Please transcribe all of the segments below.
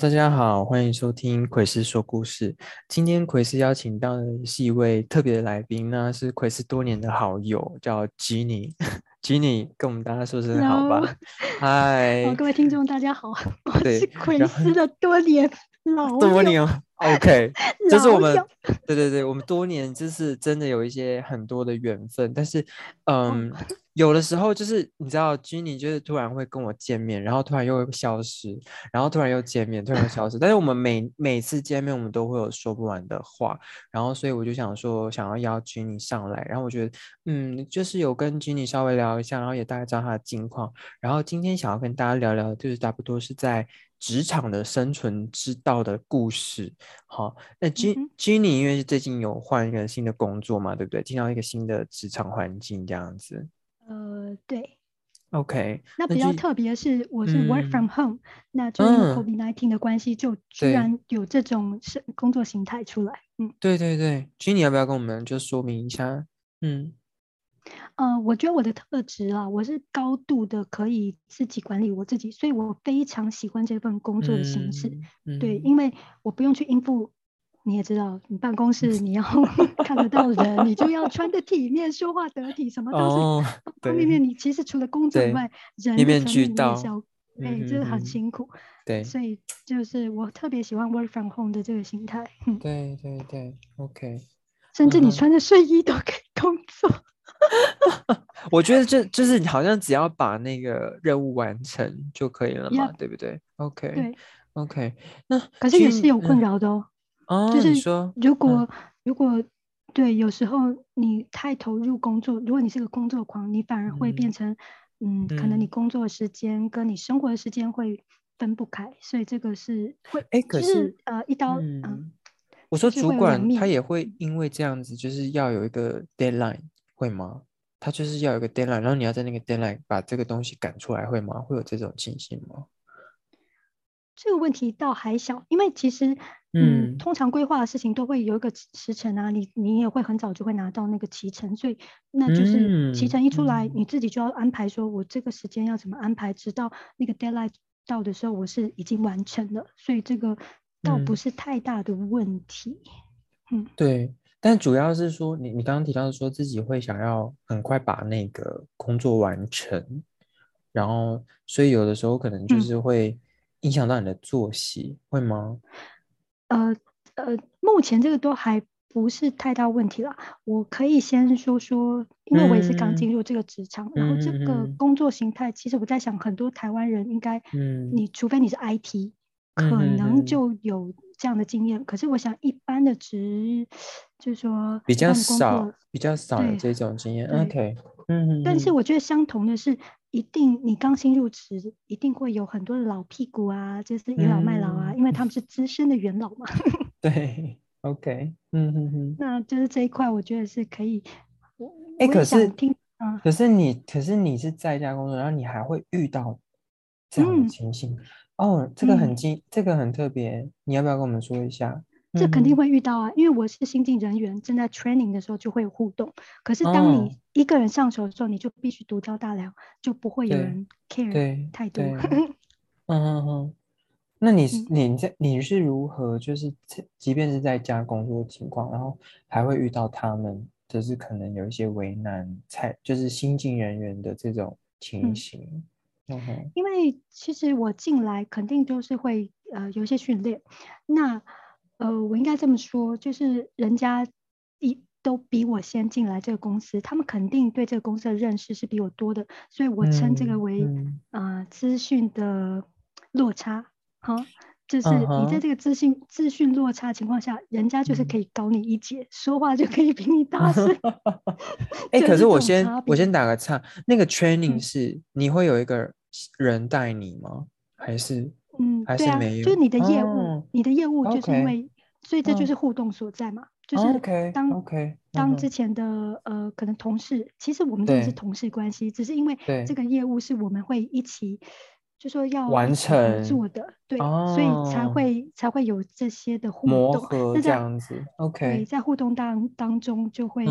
大家好，歡迎收聽奎斯說故事。今天奎斯邀請到的是一位特別的來賓，啊，那是奎斯多年的好友，叫吉尼。吉尼，跟我們大家說聲好吧。嗨 No. Hi，oh, 各位聽眾大家好，我是奎斯的多年對老友。 多麼年，OK，這友是我們對對對，我們多年就是真的有一些很多的緣分，但是嗯。Oh. 有的時候就是你知道，Giny 就是突然會跟我見面，然後突然又消失，然後突然又見面，突然又消失。但是我們每每次見面，我們都會有說不完的話。然後所以我就想說，想要邀 Giny 上來。然後我覺得，嗯，就是有跟 Giny 稍微聊一下，然後也大概知道她的近況。然後今天想要跟大家聊聊，就是差不多是在職場的生存之道的故事好，mm。好，那 J Giny 因為是最近有換一個新的工作嘛，對不對？進到一個新的職場環境這樣子。呃，對，OK，那，那比較特別是，我是 work from home，嗯、那最近 COVID-19 的關係，就居然有這種是工作形態出來，嗯，對對對，Giny 要不要跟我們就說明一下？嗯，呃，我覺得我的特質啊，我是高度的可以自己管理我自己，所以我非常喜歡這份工作的形式，嗯嗯、對，因為我不用去應付。你也知道，你辦公室你要看得到人，你就要穿的體面，說話得體，什麼都是方方面面。你其實除了工作以外，面面俱到，哎，就是很辛苦。對，所以就是我特別喜歡 work from home 的這個心態。對對對，OK。甚至你穿着睡衣都可以工作。我覺得這就是好像只要把那個任務完成就可以了嘛，對不對？OK，OK。那可是也是有困擾的哦。哦、你說就是如果、嗯、如果對，有時候你太投入工作，如果你是個工作狂，你反而會變成嗯，嗯，可能你工作的時間跟你生活的時間會分不開，所以這個是會，哎誒，就是、可是呃一刀嗯，嗯我說主管他也會因為這樣子，就是要有一個 deadline，嗯、會嗎？他就是要有一個 deadline，然後你要在那個 deadline 把這個東西趕出來，會嗎？會有這種情形嗎？這個問題倒還小，因為其實。嗯，通常規劃的事情都會有一個時程啊，你你也會很早就會拿到那個時程，所以那就是時程一出來，嗯、你自己就要安排，說我這個時間要怎麼安排，直到那個 deadline 到的時候，我是已經完成了，所以這個倒不是太大的問題。嗯，嗯對，但主要是說你你剛剛提到說自己會想要很快把那個工作完成，然後所以有的時候可能就是會影響到你的作息，嗯、會嗎？呃呃，目前這個都還不是太大問題了。我可以先說說，因為我也是剛進入這個職場，嗯、然後這個工作形態，其實我在想，很多台灣人應該，嗯、你除非你是 IT、嗯、可能就有這樣的經驗。嗯嗯、可是我想，一般的職，就是說比較少，比較少的這種經驗。啊、OK，嗯，但是我覺得相同的是。一定，你剛新入職，一定會有很多的老屁股啊，就是倚老賣老啊，嗯、因為他們是資深的元老嘛。對，OK，嗯嗯嗯，那就是這一塊，我覺得是可以。哎誒，啊、可是聽，可是你，可是你是在家工作，然後你還會遇到這樣的情形哦。嗯 oh, 這個很奇，嗯、這個很特別，你要不要跟我們說一下？這肯定會遇到啊，因為我是新進人員，正在 training 的時候就會有互動。可是當你一個人上手的時候，嗯、你就必須獨挑大梁，就不會有人 care 對對對太多。嗯哼，那你是你在你是如何就是即便是在家工作情況，然後還會遇到他們，就是可能有一些為難，才就是新進人員的這種情形。嗯、Okay。因為其實我進來肯定都是會呃有一些訓練，那。呃，我應該這麼說，就是人家一都比我先進來這個公司，他們肯定對這個公司的認識是比我多的，所以我稱這個為啊資訊的落差。好，就是你在這個資訊資訊落差情況下，人家就是可以高你一截，嗯、說話就可以比你大聲。哎、 欸，可是我先我先打個岔，那個 training 是、嗯、你會有一個人帶你嗎？還是？對啊，就是你的業務，你的業務就是因為，所以這就是互動所在嘛。就是當當之前的呃，可能同事，其實我們都是同事關係，只是因為這個業務是我們會一起就說要完成做的，對，所以才會才會有這些的互動。那這樣子，OK，在互動當當中就會，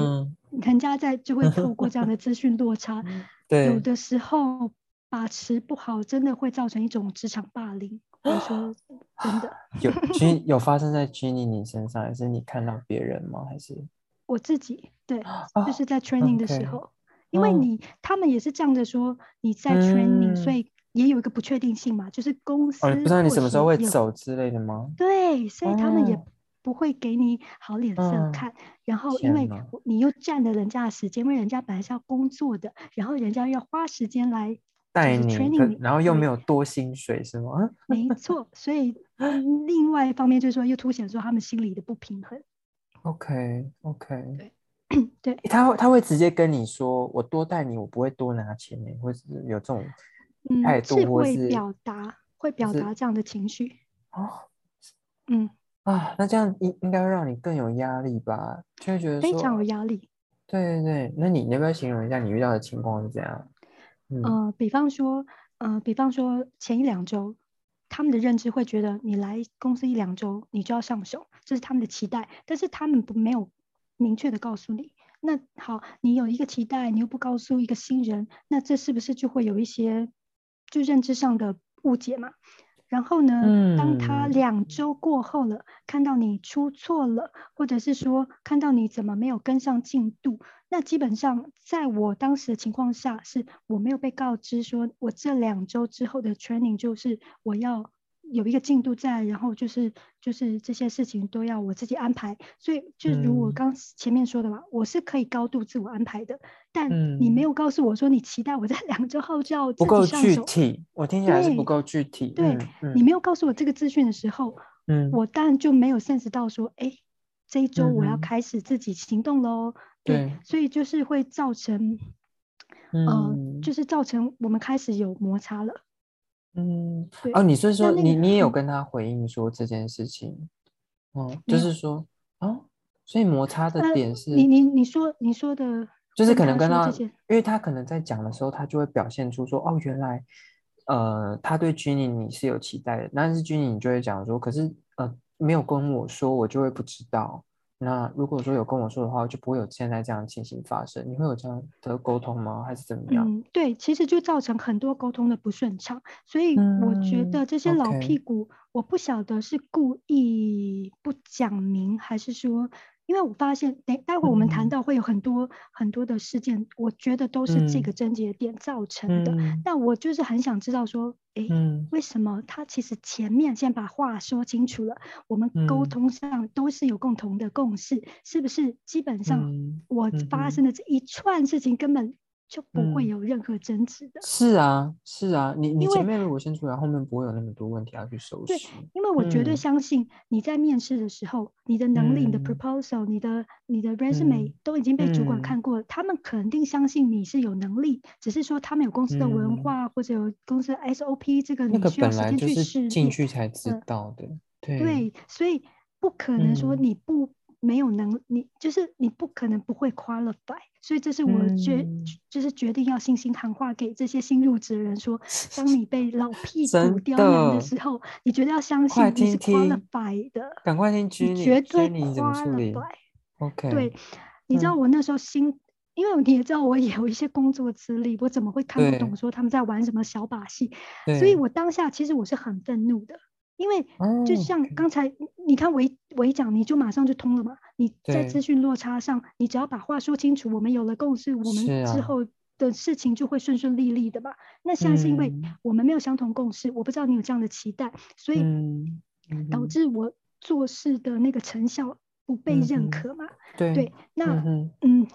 人家在就會透過這樣的資訊落差，對，有的時候把持不好，真的會造成一種職場霸凌。我說真的、啊、有？其實 有發生在 Giny 你身上，還是你看到別人嗎？還是我自己？對，啊、就是在 training 的時候，哦 okay，嗯、因為你他們也是這樣的說，你在 training、嗯、所以也有一個不確定性嘛，就是公司、哦、是不知道你什麼時候會走之類的嗎？對，所以他們也、哦、不會給你好臉色看。嗯、然後因為你又佔了人家的時間，因為人家本來是要工作的，然後人家要花時間來。帶你，然後又沒有多薪水是嗎？沒錯，所以、嗯、另外一方面就是說，又凸顯了說他們心理的不平衡。OK，OK，Okay, okay. 對對，對他會他會直接跟你說：“我多帶你，我不會多拿錢。”哎，或是有這種愛是不、嗯、會表達，會表達是這樣的情緒。哦，嗯啊，那這樣應應該會讓你更有壓力吧？就會覺得說非常有壓力。對對對，那你，你要不要形容一下你遇到的情況是怎樣？嗯、呃，比方說，呃，比方說前一兩週，他們的認知會覺得你來公司一兩週，你就要上手，這是他們的期待。但是他們不沒有明確的告訴你，那好，你有一個期待，你又不告訴一個新人，那這是不是就會有一些就認知上的誤解嘛？然後呢，嗯，當他兩週過後了，看到你出錯了，或者是說看到你怎麼沒有跟上進度，那基本上在我當時的情況下，是我沒有被告知說我這兩週之後的 training 就是我要。有一個進度在，然後就是就是這些事情都要我自己安排，所以就如我剛前面說的嘛，嗯、我是可以高度自我安排的，但你沒有告訴我說你期待我在兩周後就要自己上手。不夠具體，我聽起來是不夠具體。對，你沒有告訴我這個資訊的時候，嗯、我當然就沒有意識到說，哎，這一周我要開始自己行動嘍。對、嗯嗯，所以就是會造成，嗯、呃，就是造成我們開始有摩擦了。嗯，對哦，你是說，說那、那個、你你也有跟他回應說這件事情，哦、嗯，有就是說哦，所以摩擦的點是，呃、你你你說你說的，就是可能跟他，跟他因為他可能在講的時候，他就會表現出說，哦，原來，呃，他對 Giny 你是有期待的，但是 Giny 你就會講說，可是呃，沒有跟我說，我就會不知道。那如果說有跟我說的話，就不會有現在這樣的情形發生。你會有這樣的溝通嗎？還是怎麼樣？嗯，對，其實就造成很多溝通的不順暢。所以我覺得這些老屁股，嗯，我不曉得是故意不講明，還是說。因為我發現，待會我們談到會有很多、嗯、很多的事件，我覺得都是這個症結點造成的。嗯嗯、但我就是很想知道說，哎、欸，嗯、為什麼他其實前面先把話說清楚了，我們溝通上都是有共同的共識，嗯、是不是基本上我發生的這一串事情根本、嗯？嗯嗯就不會有任何爭執的。是啊，是啊，你你前面如果先出來，後面不會有那麼多問題要去收拾。對，因為我絕對相信你在面試的時候，你的能力、你的 proposal、你的你的 resume 都已經被主管看過了，他們肯定相信你是有能力，只是說他們有公司的文化或者有公司的 SOP 這個你需要時間去試的，進去才知道的。對，所以不可能說你不。沒有能力，你就是你不可能不會 qualify，所以這是我決、嗯、就是決定要信心喊話給這些新入職人說， 當你被老屁股刁難的時候， 你絕對要相信你是 qualify 的。趕快聽聽，聽你絕對 qualify。OK，對、嗯、你知道我那時候新，因為你也知道我有一些工作資歷，我怎麼會看不懂說他們在玩什麼小把戲？所以我當下其實我是很憤怒的。因為就像剛才你看我一、哦、我一講你就馬上就通了嘛，你在資訊落差上，對你只要把話說清楚，我們有了共識，啊、我們之後的事情就會順順利利的嘛。那像是因為我們沒有相同共識，嗯、我不知道你有這樣的期待，所以導致我做事的那個成效不被認可嘛。嗯、對，那嗯、嗯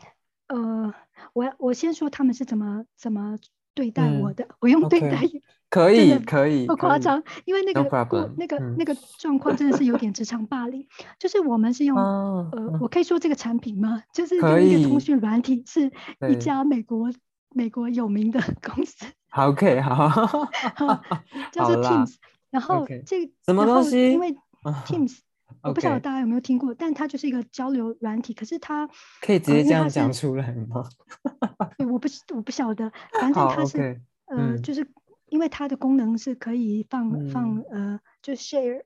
呃，我我先說他們是怎麼怎麼對待我的，嗯、我用對待。Okay. 可以可以不誇張，因為那個那個那個狀況真的是有點職場霸凌。就是我們是用呃，我可以說這個產品嗎？就是這個通訊軟體是一家美國美國有名的公司。好，o k 好，叫做 Teams。然後這什麼東西？因為 Teams 我不曉得大家有沒有聽過，但它就是一個交流軟體，可是它可以直接這樣講出來嗎？對，我不我不曉得，反正它是呃，就是。因為它的功能是可以放放，呃，就 share，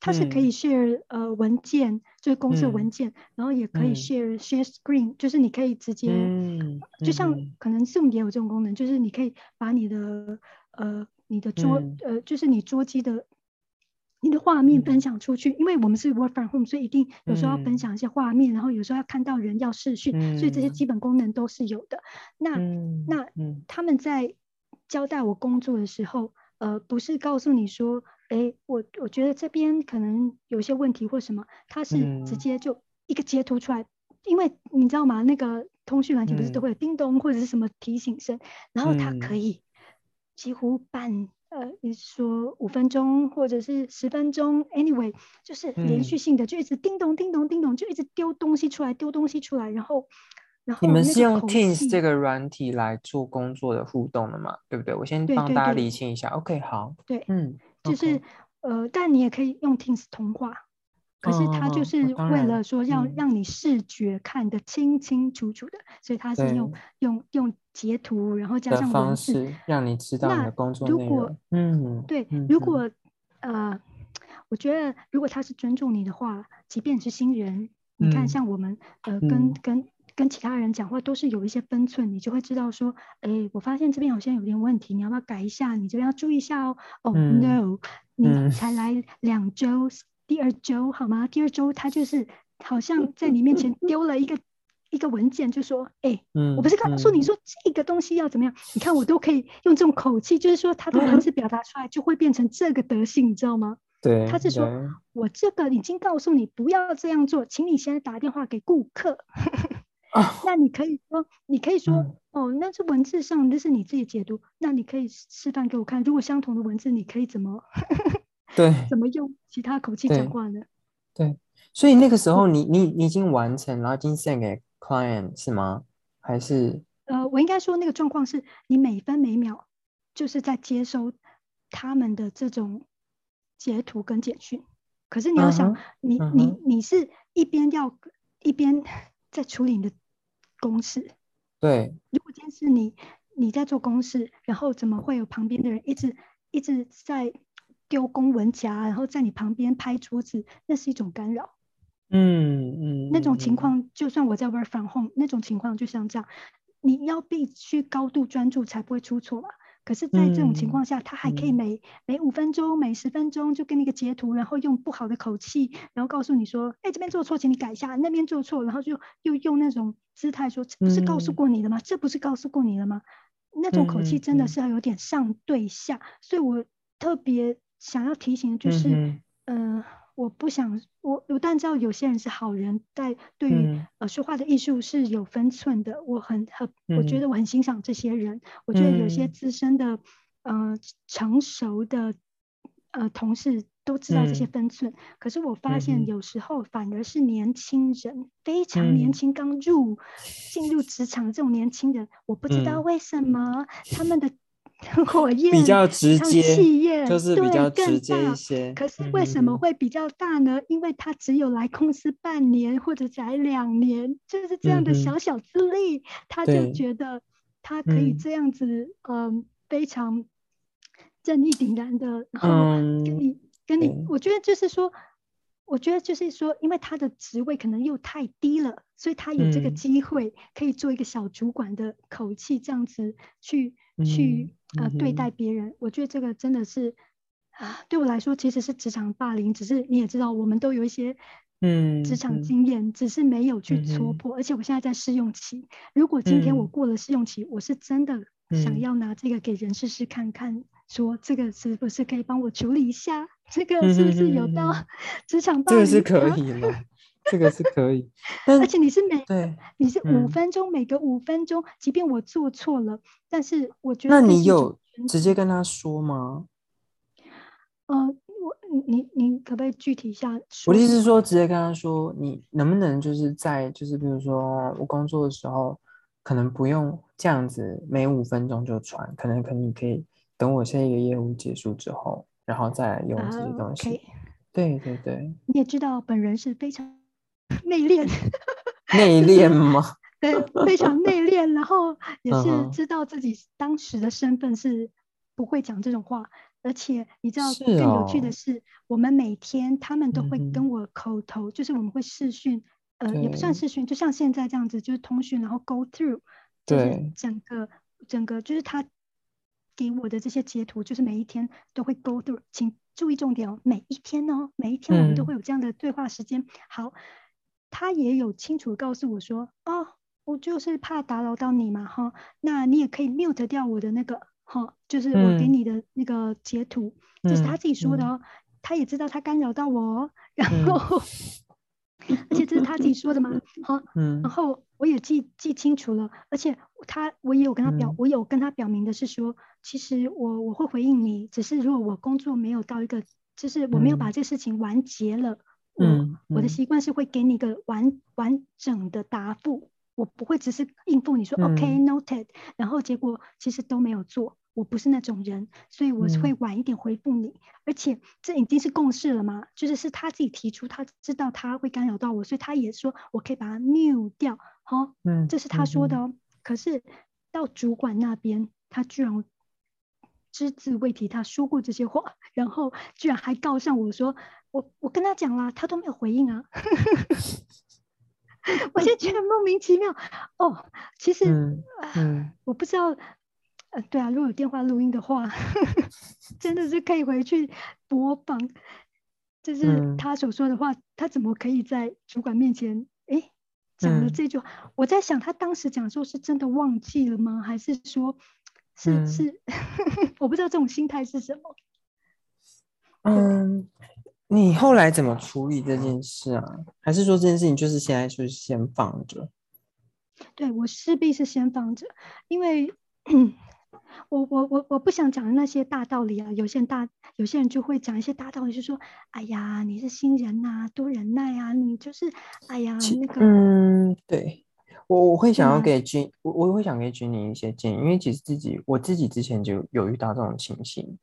它是可以 share 呃文件，就是公司的文件，然後也可以 share share screen，就是你可以直接，就像可能 Zoom 也有這種功能，就是你可以把你的呃你的桌呃就是你桌機的你的畫面分享出去，因為我們是 work from home，所以一定有時候要分享一些畫面，然後有時候要看到人要視訊，所以這些基本功能都是有的。那那他們在。交代我工作的時候，呃，不是告訴你說，誒、欸，我我覺得這邊可能有些問題或什麼，他是直接就一個截圖出來，嗯、因為你知道嗎？那個通訊軟件不是都會有叮咚或者是什麼提醒聲，嗯、然後它可以幾乎半呃，你說五分鐘或者是十分鐘，anyway，就是連續性的就一直叮咚叮咚叮咚，叮咚，就一直丟東西出來，丟東西出來，然後。你們是用 Teams 這個軟體來做工作的互動的嘛？對不對？我先幫大家理清一下。OK，好。對，嗯，就是呃，但你也可以用 Teams 通話，可是它就是為了說要讓你視覺看得清清楚楚的，所以它是用用用截圖，然後加上文字方式。讓你知道你的工作內容。嗯，對。如果呃，我覺得如果他是尊重你的話，即便是新人，你看像我們呃，跟跟。跟其他人講話都是有一些分寸，你就會知道說，哎、欸，我發現這邊好像有點問題，你要不要改一下？你這邊要注意一下哦。哦、oh，no、嗯、你才來兩週，嗯、第二週好嗎？第二週他就是好像在你面前丟了一個、嗯、一個文件，就說，哎、欸，嗯、我不是告訴你說這個東西要怎麼樣？嗯、你看我都可以用這種口氣，就是說他的文字表達出來就會變成這個德性，嗯、你知道嗎？對，他是說對我這個已經告訴你不要這樣做，請你先打電話給顧客。 哦、那你可以說，你可以說，哦，那是文字上，那是你自己解讀。嗯、那你可以示範給我看，如果相同的文字，你可以怎麼對？ 怎麼用其他口氣講話呢？對，對，所以那個時候你，嗯、你你你已經完成，然後已經獻給 client 是嗎？還是？呃，我應該說那個狀況是你每分每秒就是在接收他們的這種截圖跟簡訊，可是你要想，嗯、哼你你你是一邊要一邊在處理你的。公事，對。如果今天是你你在做公事，然後怎麼會有旁邊的人一直一直在丟公文夾，然後在你旁邊拍桌子？那是一種干擾。嗯嗯。嗯，那種情況，就算我在 work from home，那種情況就像這樣，你要必須高度專注才不會出錯吧。可是，在這種情況下，他還可以每、嗯、每五分鐘、每十分鐘就給你個截圖，然後用不好的口氣，然後告訴你說：“哎、欸，這邊做錯，請你改一下；那邊做錯，然後就又用那種姿態說，嗯、這不是告訴過你了嗎？嗯、這不是告訴過你了嗎？”嗯、那種口氣真的是有點上對下，嗯、所以我特別想要提醒，就是，嗯。嗯呃我不想，我我但知道有些人是好人，但對於、嗯、呃說話的藝術是有分寸的。我很很，我覺得我很欣賞這些人。嗯、我覺得有些資深的、呃成熟的呃同事都知道這些分寸。嗯、可是我發現有時候反而是年輕人，嗯、非常年輕，嗯、剛入進入職場這種年輕人，我不知道為什麼、嗯、他們的。火焰比較直接，企業就是比較直接一些。對，更大，可是為什麼會比較大呢？嗯嗯，因為他只有來公司半年或者宅兩年，就是這樣的小小資歷，嗯嗯，他就覺得他可以這樣子，嗯，嗯，非常正義凜然的，嗯、跟你跟你，我覺得就是說，嗯、我覺得就是說，因為他的職位可能又太低了，所以他有這個機會可以做一個小主管的口氣，這樣子去、嗯、去。呃，對待別人，我覺得這個真的是啊，對我來說其實是職場霸凌。只是你也知道，我們都有一些嗯職場經驗，嗯嗯、只是沒有去戳破。嗯、而且我現在在試用期，如果今天我過了試用期，嗯、我是真的想要拿這個給人試試看看，嗯、說這個是不是可以幫我處理一下，這個是不是有到職場霸凌、啊？這個是可以的。這個是可以，但而且你是每對，你是五分鐘、嗯、每隔五分鐘，即便我做錯了，但是我覺得，那你有直接跟他說嗎？呃，我你你可不可以具體一下說？我的意思是說，直接跟他說，你能不能就是在就是比如說我工作的時候，可能不用這樣子每五分鐘就傳，可能可能你可以等我下一個業務結束之後，然後再來用這些東西。Uh, okay. 對對對，你也知道本人是非常。內斂，內斂內 嗎？ 對，非常內斂，然後也是知道自己當時的身份是不會講這種話，而且你知道更有趣的是，我們每天他們都會跟我口頭，就是我們會視訊，呃，也不算視訊，就像現在這樣子，就是通訊，然後 go through，就是整個整個就是他給我的這些截圖，就是每一天都會 go through，請注意重點哦，每一天哦，每一天我們都會有這樣的對話時間，好。他也有清楚告訴我說：“哦，我就是怕打擾到你嘛，哈。那你也可以 mute 掉我的那個，哈，就是我給你的那個截圖，這、嗯、是他自己說的哦。嗯、他也知道他干擾到我，然後，嗯、而且這是他自己說的嘛，好、嗯，嗯。然後我也記記清楚了，而且他我也有跟他表，嗯、我有跟他表明的是說，其實我我會回應你，只是如果我工作沒有到一個，就是我沒有把這事情完結了。嗯”我嗯，嗯我的習慣是會給你一個完完整的答復，我不會只是應付你說、嗯、OK noted，然後結果其實都沒有做，我不是那種人，所以我是會晚一點回復你，嗯、而且這已經是共識了嘛，就是是他自己提出，他知道他會干擾到我，所以他也說我可以把他 mute 掉，哈、哦，嗯、這是他說的、哦，嗯嗯、可是到主管那邊，他居然只字未提，他說過這些話，然後居然還告上我說。我我跟他講了，他都沒有回應啊！ 我現在覺得莫名其妙。哦，其實，嗯嗯呃、我不知道、呃，對啊，如果有電話錄音的話， 真的是可以回去播放，就是他所說的話。嗯、他怎麼可以在主管面前，哎，講了這種？嗯、我在想，他當時講的時候是真的忘記了嗎？還是說，是是，嗯、是 我不知道這種心態是什麼。嗯。嗯你後來怎麼處理這件事啊？還是說這件事情就是現在就是先放着？對，我勢必是先放着，因為我我我我不想講那些大道理啊。有些人大有些人就會講一些大道理，就說：“哎呀，你是新人啊，多忍耐啊。”你就是哎呀，其那個嗯，對我我會想要給 Giny、啊，我我會想給 Giny 一些建議，因為其實自己我自己之前就有遇到這種情形。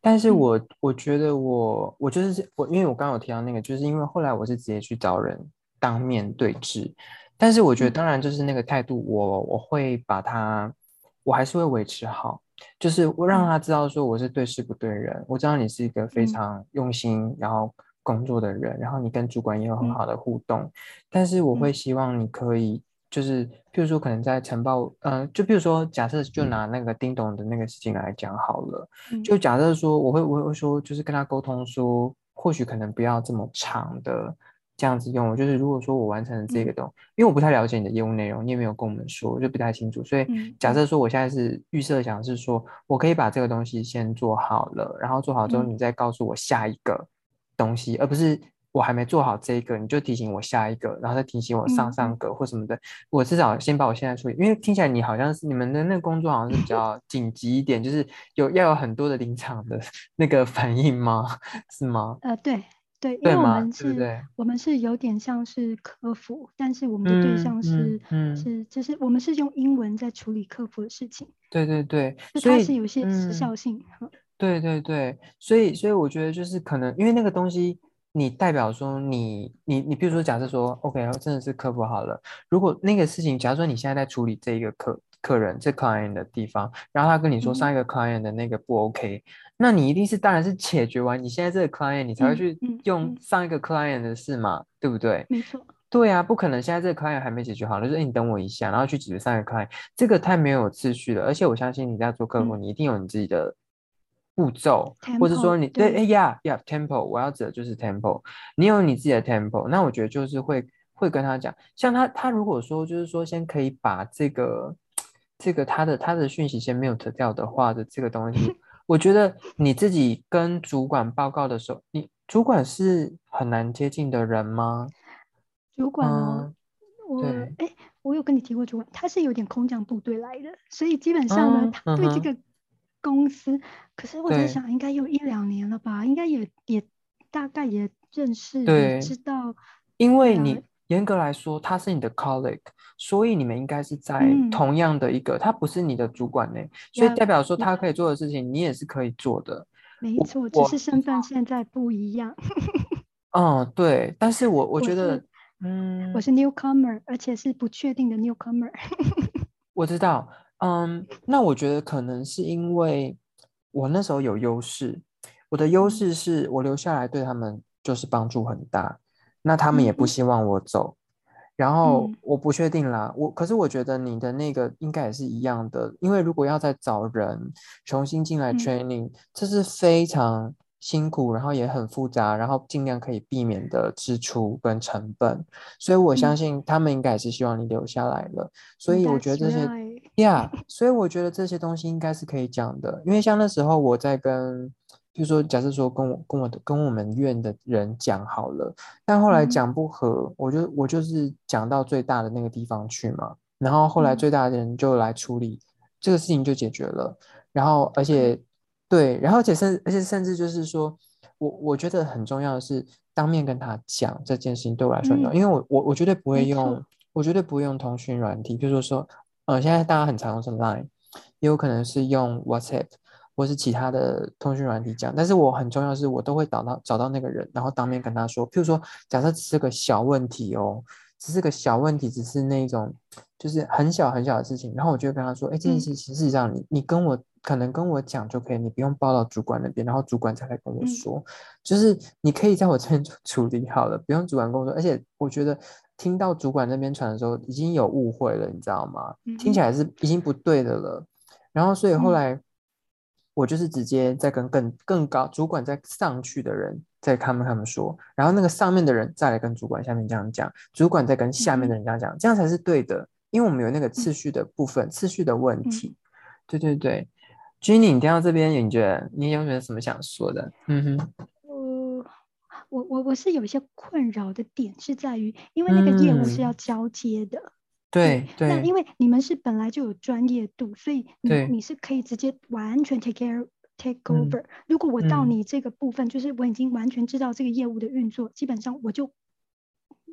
但是我、嗯、我覺得我我就是我，因為我剛剛有提到那個，就是因為後來我是直接去找人當面對質。但是我覺得，當然就是那個態度我，我、嗯、我會把它，我還是會維持好，就是我讓他知道說我是對事不對人。嗯、我知道你是一個非常用心、嗯、然後工作的人，然後你跟主管也有很好的互動，嗯、但是我會希望你可以。就是，譬如說，可能在呈報，嗯、呃，就譬如說，假設就拿那個丁董的那個事情來講好了，嗯、就假設說，我會，我會說，就是跟他溝通說，或許可能不要這麼長的這樣子用，就是如果說我完成了這個東，嗯、因為我不太了解你的業務內容，你也沒有跟我們說，我就不太清楚，所以假設說我現在是預設想是說我可以把這個東西先做好了，然後做好之後你再告訴我下一個東西，嗯、而不是。我還沒做好這個，你就提醒我下一個，然後再提醒我上上個或什麼的。嗯、我至少先把我現在處理，因為聽起來你好像是你們的那個工作好像是比較緊急一點， 就是有要有很多的臨場的那個反應嗎？是嗎？呃，對對，因為對嗎？我們是，對對對我們是有點像是客服，但是我們的對象是、嗯嗯嗯、是就是我們是用英文在處理客服的事情。對對對，所以是有些時效性。對對對，所以所以我覺得就是可能因為那個東西。你代表說你你你，你比如說，假設說，OK，然後真的是客服好了。如果那個事情，假如說你現在在處理這一個客客人這 client 的地方，然後他跟你說上一個 client 的那個不 OK，、嗯、那你一定是當然是解決完你現在這個 client，你才會去用上一個 client 的事嘛，嗯嗯嗯、對不對？沒錯。對啊，不可能現在這個 client 還沒解決好，就是你等我一下，然後去解決上一個 client，這個太沒有秩序了。而且我相信你在做客服，你一定有你自己的。嗯步驟，Tem po, 或者說你對，哎呀呀 tempo 我要指的就是 tempo 你有你自己的 tempo 那我覺得就是會會跟他講，像他他如果說就是說先可以把這個這個他的他的訊息先 mute 掉的話的這個東西， 我覺得你自己跟主管報告的時候，你主管是很難接近的人嗎？主管、啊嗯、我哎對，我有跟你提過主管，他是有點空降部隊來的，所以基本上呢，嗯、他對這個、嗯。公司，可是我在想，應該有一兩年了吧，應該也也大概也認識，對，知道。因為你嚴格來說，他是你的 colleague，所以你們應該是在同樣的一個，他不是你的主管呢，所以代表說他可以做的事情，你也是可以做的。沒錯，只是身份現在不一樣。哦，對，但是我我覺得，嗯，我是 newcomer，而且是不確定的 newcomer。我知道。嗯，um, 那我覺得可能是因為我那時候有優勢，我的優勢是我留下來對他們就是幫助很大，那他們也不希望我走。嗯，然後我不確定啦，我可是我覺得你的那個應該也是一樣的，因為如果要再找人重新進來 training，嗯，這是非常辛苦，然後也很複雜，然後盡量可以避免的支出跟成本，所以我相信他們應該也是希望你留下來了。嗯，所以我覺得這些。呀，yeah, 所以我覺得這些東西應該是可以講的，因為像那時候我在跟，比如說，假設說跟我跟我的跟我們院的人講好了，但後來講不合，嗯、我就我就是講到最大的那個地方去嘛，然後後來最大的人就來處理、嗯、這個事情就解決了，然後而且、嗯、對，然後而且甚而且甚至就是說，我我覺得很重要的是當面跟他講這件事情對我來說很重要，嗯、因為我我我絕對不會用，沒錯、我絕對不會用通訊軟體，就是說，說。呃、哦，現在大家很常用是 Line，也有可能是用 WhatsApp 或是其他的通訊軟體講。但是我很重要的是我都會找到找到那個人，然後當面跟他說。譬如說，假設只是個小問題哦，只是個小問題，只是那種就是很小很小的事情。然後我就會跟他說，哎、欸，這件事情事實,其實,實上你、嗯、你跟我可能跟我講就可以，你不用報到主管那邊，然後主管再來跟我說，嗯、就是你可以在我這邊處理好了，不用主管跟我說。而且我覺得。聽到主管那邊傳的時候，已經有誤會了，你知道嗎？聽起來是已經不對的了。然後，所以後來我就是直接在跟更更高主管在上去的人在他們他們說，然後那個上面的人再來跟主管下面這樣講，主管再跟下面的人這樣講，這樣才是對的，因為我們有那個次序的部分，次序的問題。對對對，Giny，你聽到這邊，你覺得你有什麼想說的？嗯哼。我我我是有一些困擾的點，是在於，因為那個業務是要交接的。對、嗯、對。對對，那因為你們是本來就有專業度，所以你對你是可以直接完全 take care take over、嗯。如果我到你這個部分，嗯、就是我已經完全知道這個業務的運作，嗯、基本上我就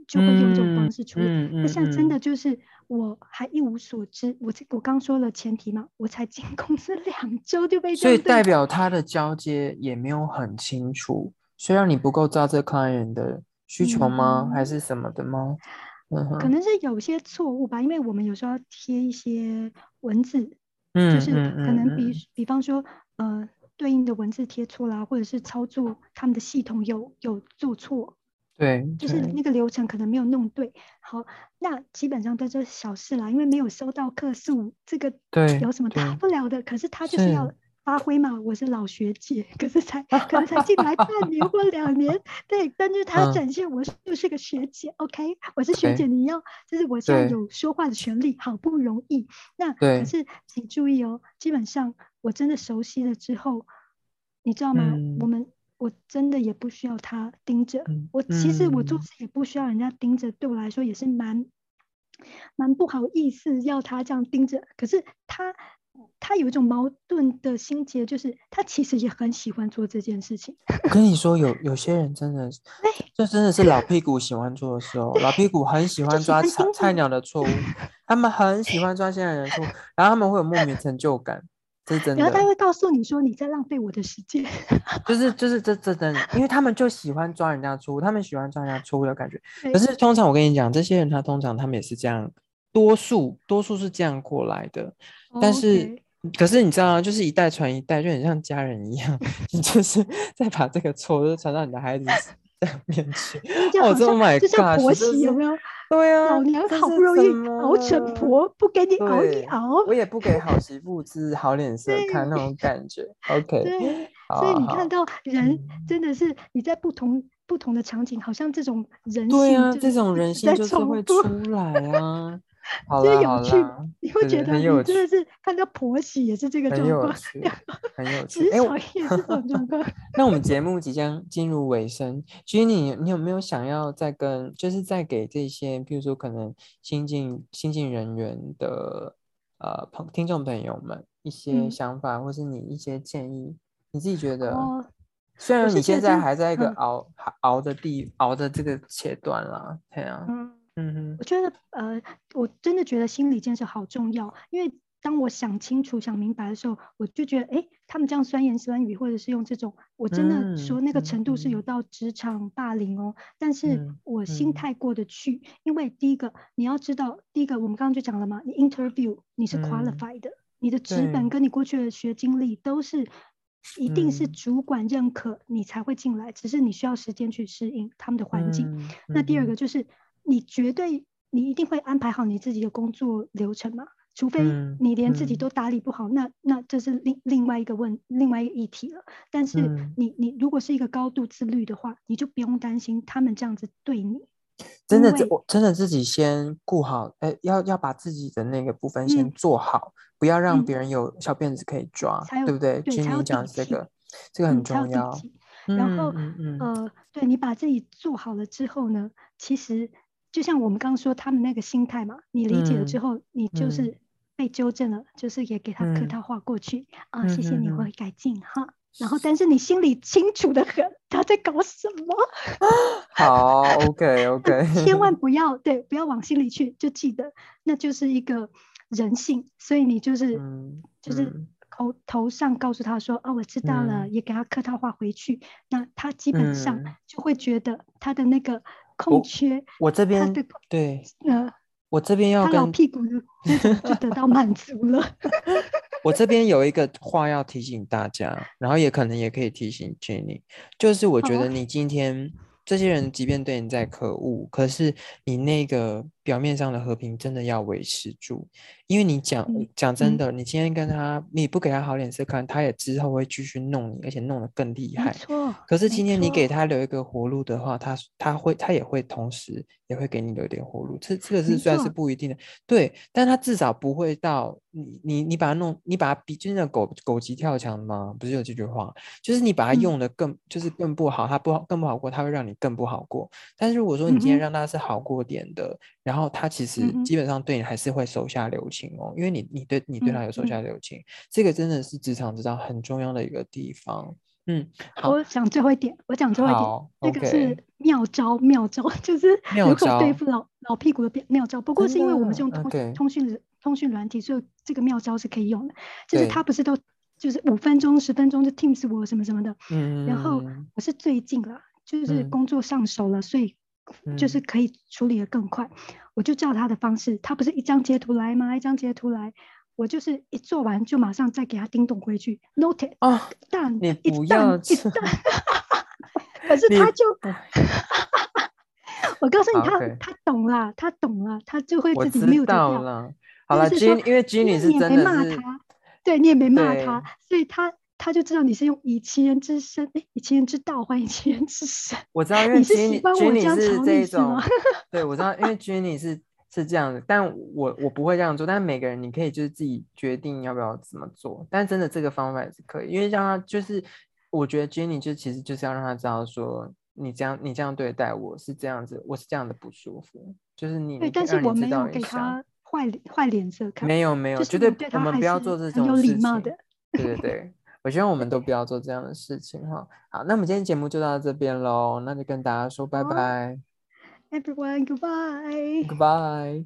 就會用這種方式處理。嗯、那像真的就是我還一無所知。嗯、我我剛說了前提嘛，我才進公司兩周就被。對不對？所以代表他的交接也沒有很清楚。雖然你不夠抓這客人的需求嗎？嗯、還是什麼的嗎？可能是有些錯誤吧，因為我們有時候要貼一些文字，嗯，就是可能比、嗯、比方說，呃，對應的文字貼錯了，或者是操作他們的系統有有做錯，對，對就是那個流程可能沒有弄對。好，那基本上都是小事啦，因為沒有收到客訴，這個對有什麼大不了的。可是他就是要是。發揮嘛，我是老學姐，可是才可能才進來半年或兩年， 對，但是他展現我就是個學姐、嗯、，OK，我是學姐，Okay. 你要就是我現在有說話的權利，對好不容易，那可是請注意哦，基本上我真的熟悉了之後，你知道嗎？嗯、我們我真的也不需要他盯着、嗯、我，其實我做事也不需要人家盯着，嗯、對我來說也是蠻蠻不好意思要他這樣盯着，可是他。他有一種矛盾的心結，就是他其實也很喜歡做這件事情。我跟你說，有有些人真的，這真的是老屁股喜歡做的時候，老屁股很喜歡抓菜菜鳥的錯誤，他們很喜歡抓新人的錯誤，然後他們會有莫名成就感，這真的。然後他會告訴你說你在浪費我的時間，就是，就是就是這這真的，因為他們就喜歡抓人家錯誤，他們喜歡抓人家錯誤的感覺。沒錯。可是通常我跟你講，這些人他通常他們也是這樣。多數多數是這樣過來的，但是可是你知道嗎？就是一代傳一代，就很像家人一樣，你就是在把這個錯就傳到你的孩子上面前。哦，my God！就像婆媳有沒有？對呀，老娘好不容易熬成婆，不給你熬一熬，我也不給好媳婦子好臉色看那種感覺。OK，對，所以你看到人真的是你在不同不同的場景，好像這種人，對啊，這種人性就是會出來啊。很有趣，啦你會覺得你真的是看到婆媳也是這個狀況，職我也是這種狀況。哎、我 那我們節目即將進入尾聲，其實你你有沒有想要再跟，就是再給這些，比如說可能新進新進人員的呃朋聽眾朋友們一些想法，嗯、或是你一些建議？你自己覺得，哦、雖然你現在還在一個熬、嗯、熬的地熬的這個階段啦，對啊。嗯嗯，我覺得呃，我真的覺得心理建設好重要。因為當我想清楚、想明白的時候，我就覺得，哎、欸，他們這樣酸言酸語，或者是用這種，我真的說那個程度是有到職場霸凌哦。但是我心態過得去，因為第一個你要知道，第一個我們剛剛就講了嘛，你 interview 你是 qualified 的，你的職本跟你過去的學經歷都是一定是主管認可你才會進來，只是你需要時間去適應他們的環境。那第二個就是。你絕對，你一定會安排好你自己的工作流程嘛？除非你連自己都打理不好，那那這是另另外一個問另外一個議題了。但是你你如果是一個高度自律的話，你就不用擔心他們這樣子對你。真的，真真的自己先顧好，哎，要要把自己的那個部分先做好，不要讓別人有小辮子可以抓，對不對？就是你講這個，這個很重要。然後呃，對，你把自己做好了之後呢，其實。就像我們剛剛說，他們那個心態嘛，你理解了之後，你就是被糾正了，就是也給他客套話過去啊，謝謝你會改進哈。然後，但是你心裡清楚得很，他在搞什麼？好，OK OK，千萬不要對，不要往心裡去，就記得那就是一個人性，所以你就是就是口頭上告訴他說啊，我知道了，也給他客套話回去，那他基本上就會覺得他的那個。空缺，我這邊對，我這邊要跟屁股就 就得到滿足了 。我這邊有一個話要提醒大家，然後也可能也可以提醒 Giny，就是我覺得你今天、哦、這些人，即便對你再可惡，可是你那個。表面上的和平真的要維持住，因為你講講、嗯、真的，你今天跟他你不給他好臉色看，他也之後會繼續弄你，而且弄得更厲害。錯錯。可是今天你給他留一個活路的話，他他會他也會同時也會給你留點活路。這這個是算是不一定的，錯對。但他至少不會到你你你把他弄你把他比真的狗狗急跳牆嘛？不是有這句話，就是你把他用的更、嗯、就是更不好，他不好更不好過，他會讓你更不好過。但是如果說你今天讓他是好過一點的，嗯嗯然然後他其實基本上對你還是會手下留情哦，嗯、哼因為你你對你對他有手下留情，嗯、這個真的是職場之道很重要的一個地方。嗯，好，我講最後一點，我講最後一點，那好個是妙招，okay 妙招就是如何對付老招老屁股的妙招。不過是因為我們是用通通訊、哦 okay、通訊軟體，所以這個妙招是可以用的。就是他不是都就是五分鐘、十分鐘就 Teams 我什麼什麼的。嗯，然後我是最近了，就是工作上手了，嗯、所以。就是可以處理得更快，嗯、我就照他的方式，他不是一張截圖來嗎？一張截圖來，我就是一做完就馬上再給他叮咚回去，note 啊、哦，done，你不要可是他就，你 我告訴你，okay, 他他懂了，他懂了，他就會自己 mute 掉。好了，Giny，G, 因為 Giny 是真的是你也沒罵他，對你也沒罵他，對所以他。他就知道你是用以其人之身，欸、以其人之道還以其人之身。我知道，因為 Giny 你是這種， 對，我知道，因為 Giny 你是是這樣子，但我我不會這樣做。但是每個人你可以就是自己決定要不要怎麼做。但真的這個方法也是可以，因為讓他就是，我覺得 Giny 你就其實就是要讓他知道說，你這樣你這樣對待我是這樣子，我是這樣的不舒服。就是你，你你知道你對，但是我沒有給他壞壞臉色看沒，沒有沒有，絕對我們不要做這種事，有禮貌的，對對對。 我希望我們都不要做這樣的事情哈、哦。對好，那我們今天節目就到這邊嘍，那就跟大家說拜拜。Oh, everyone, goodbye. Goodbye.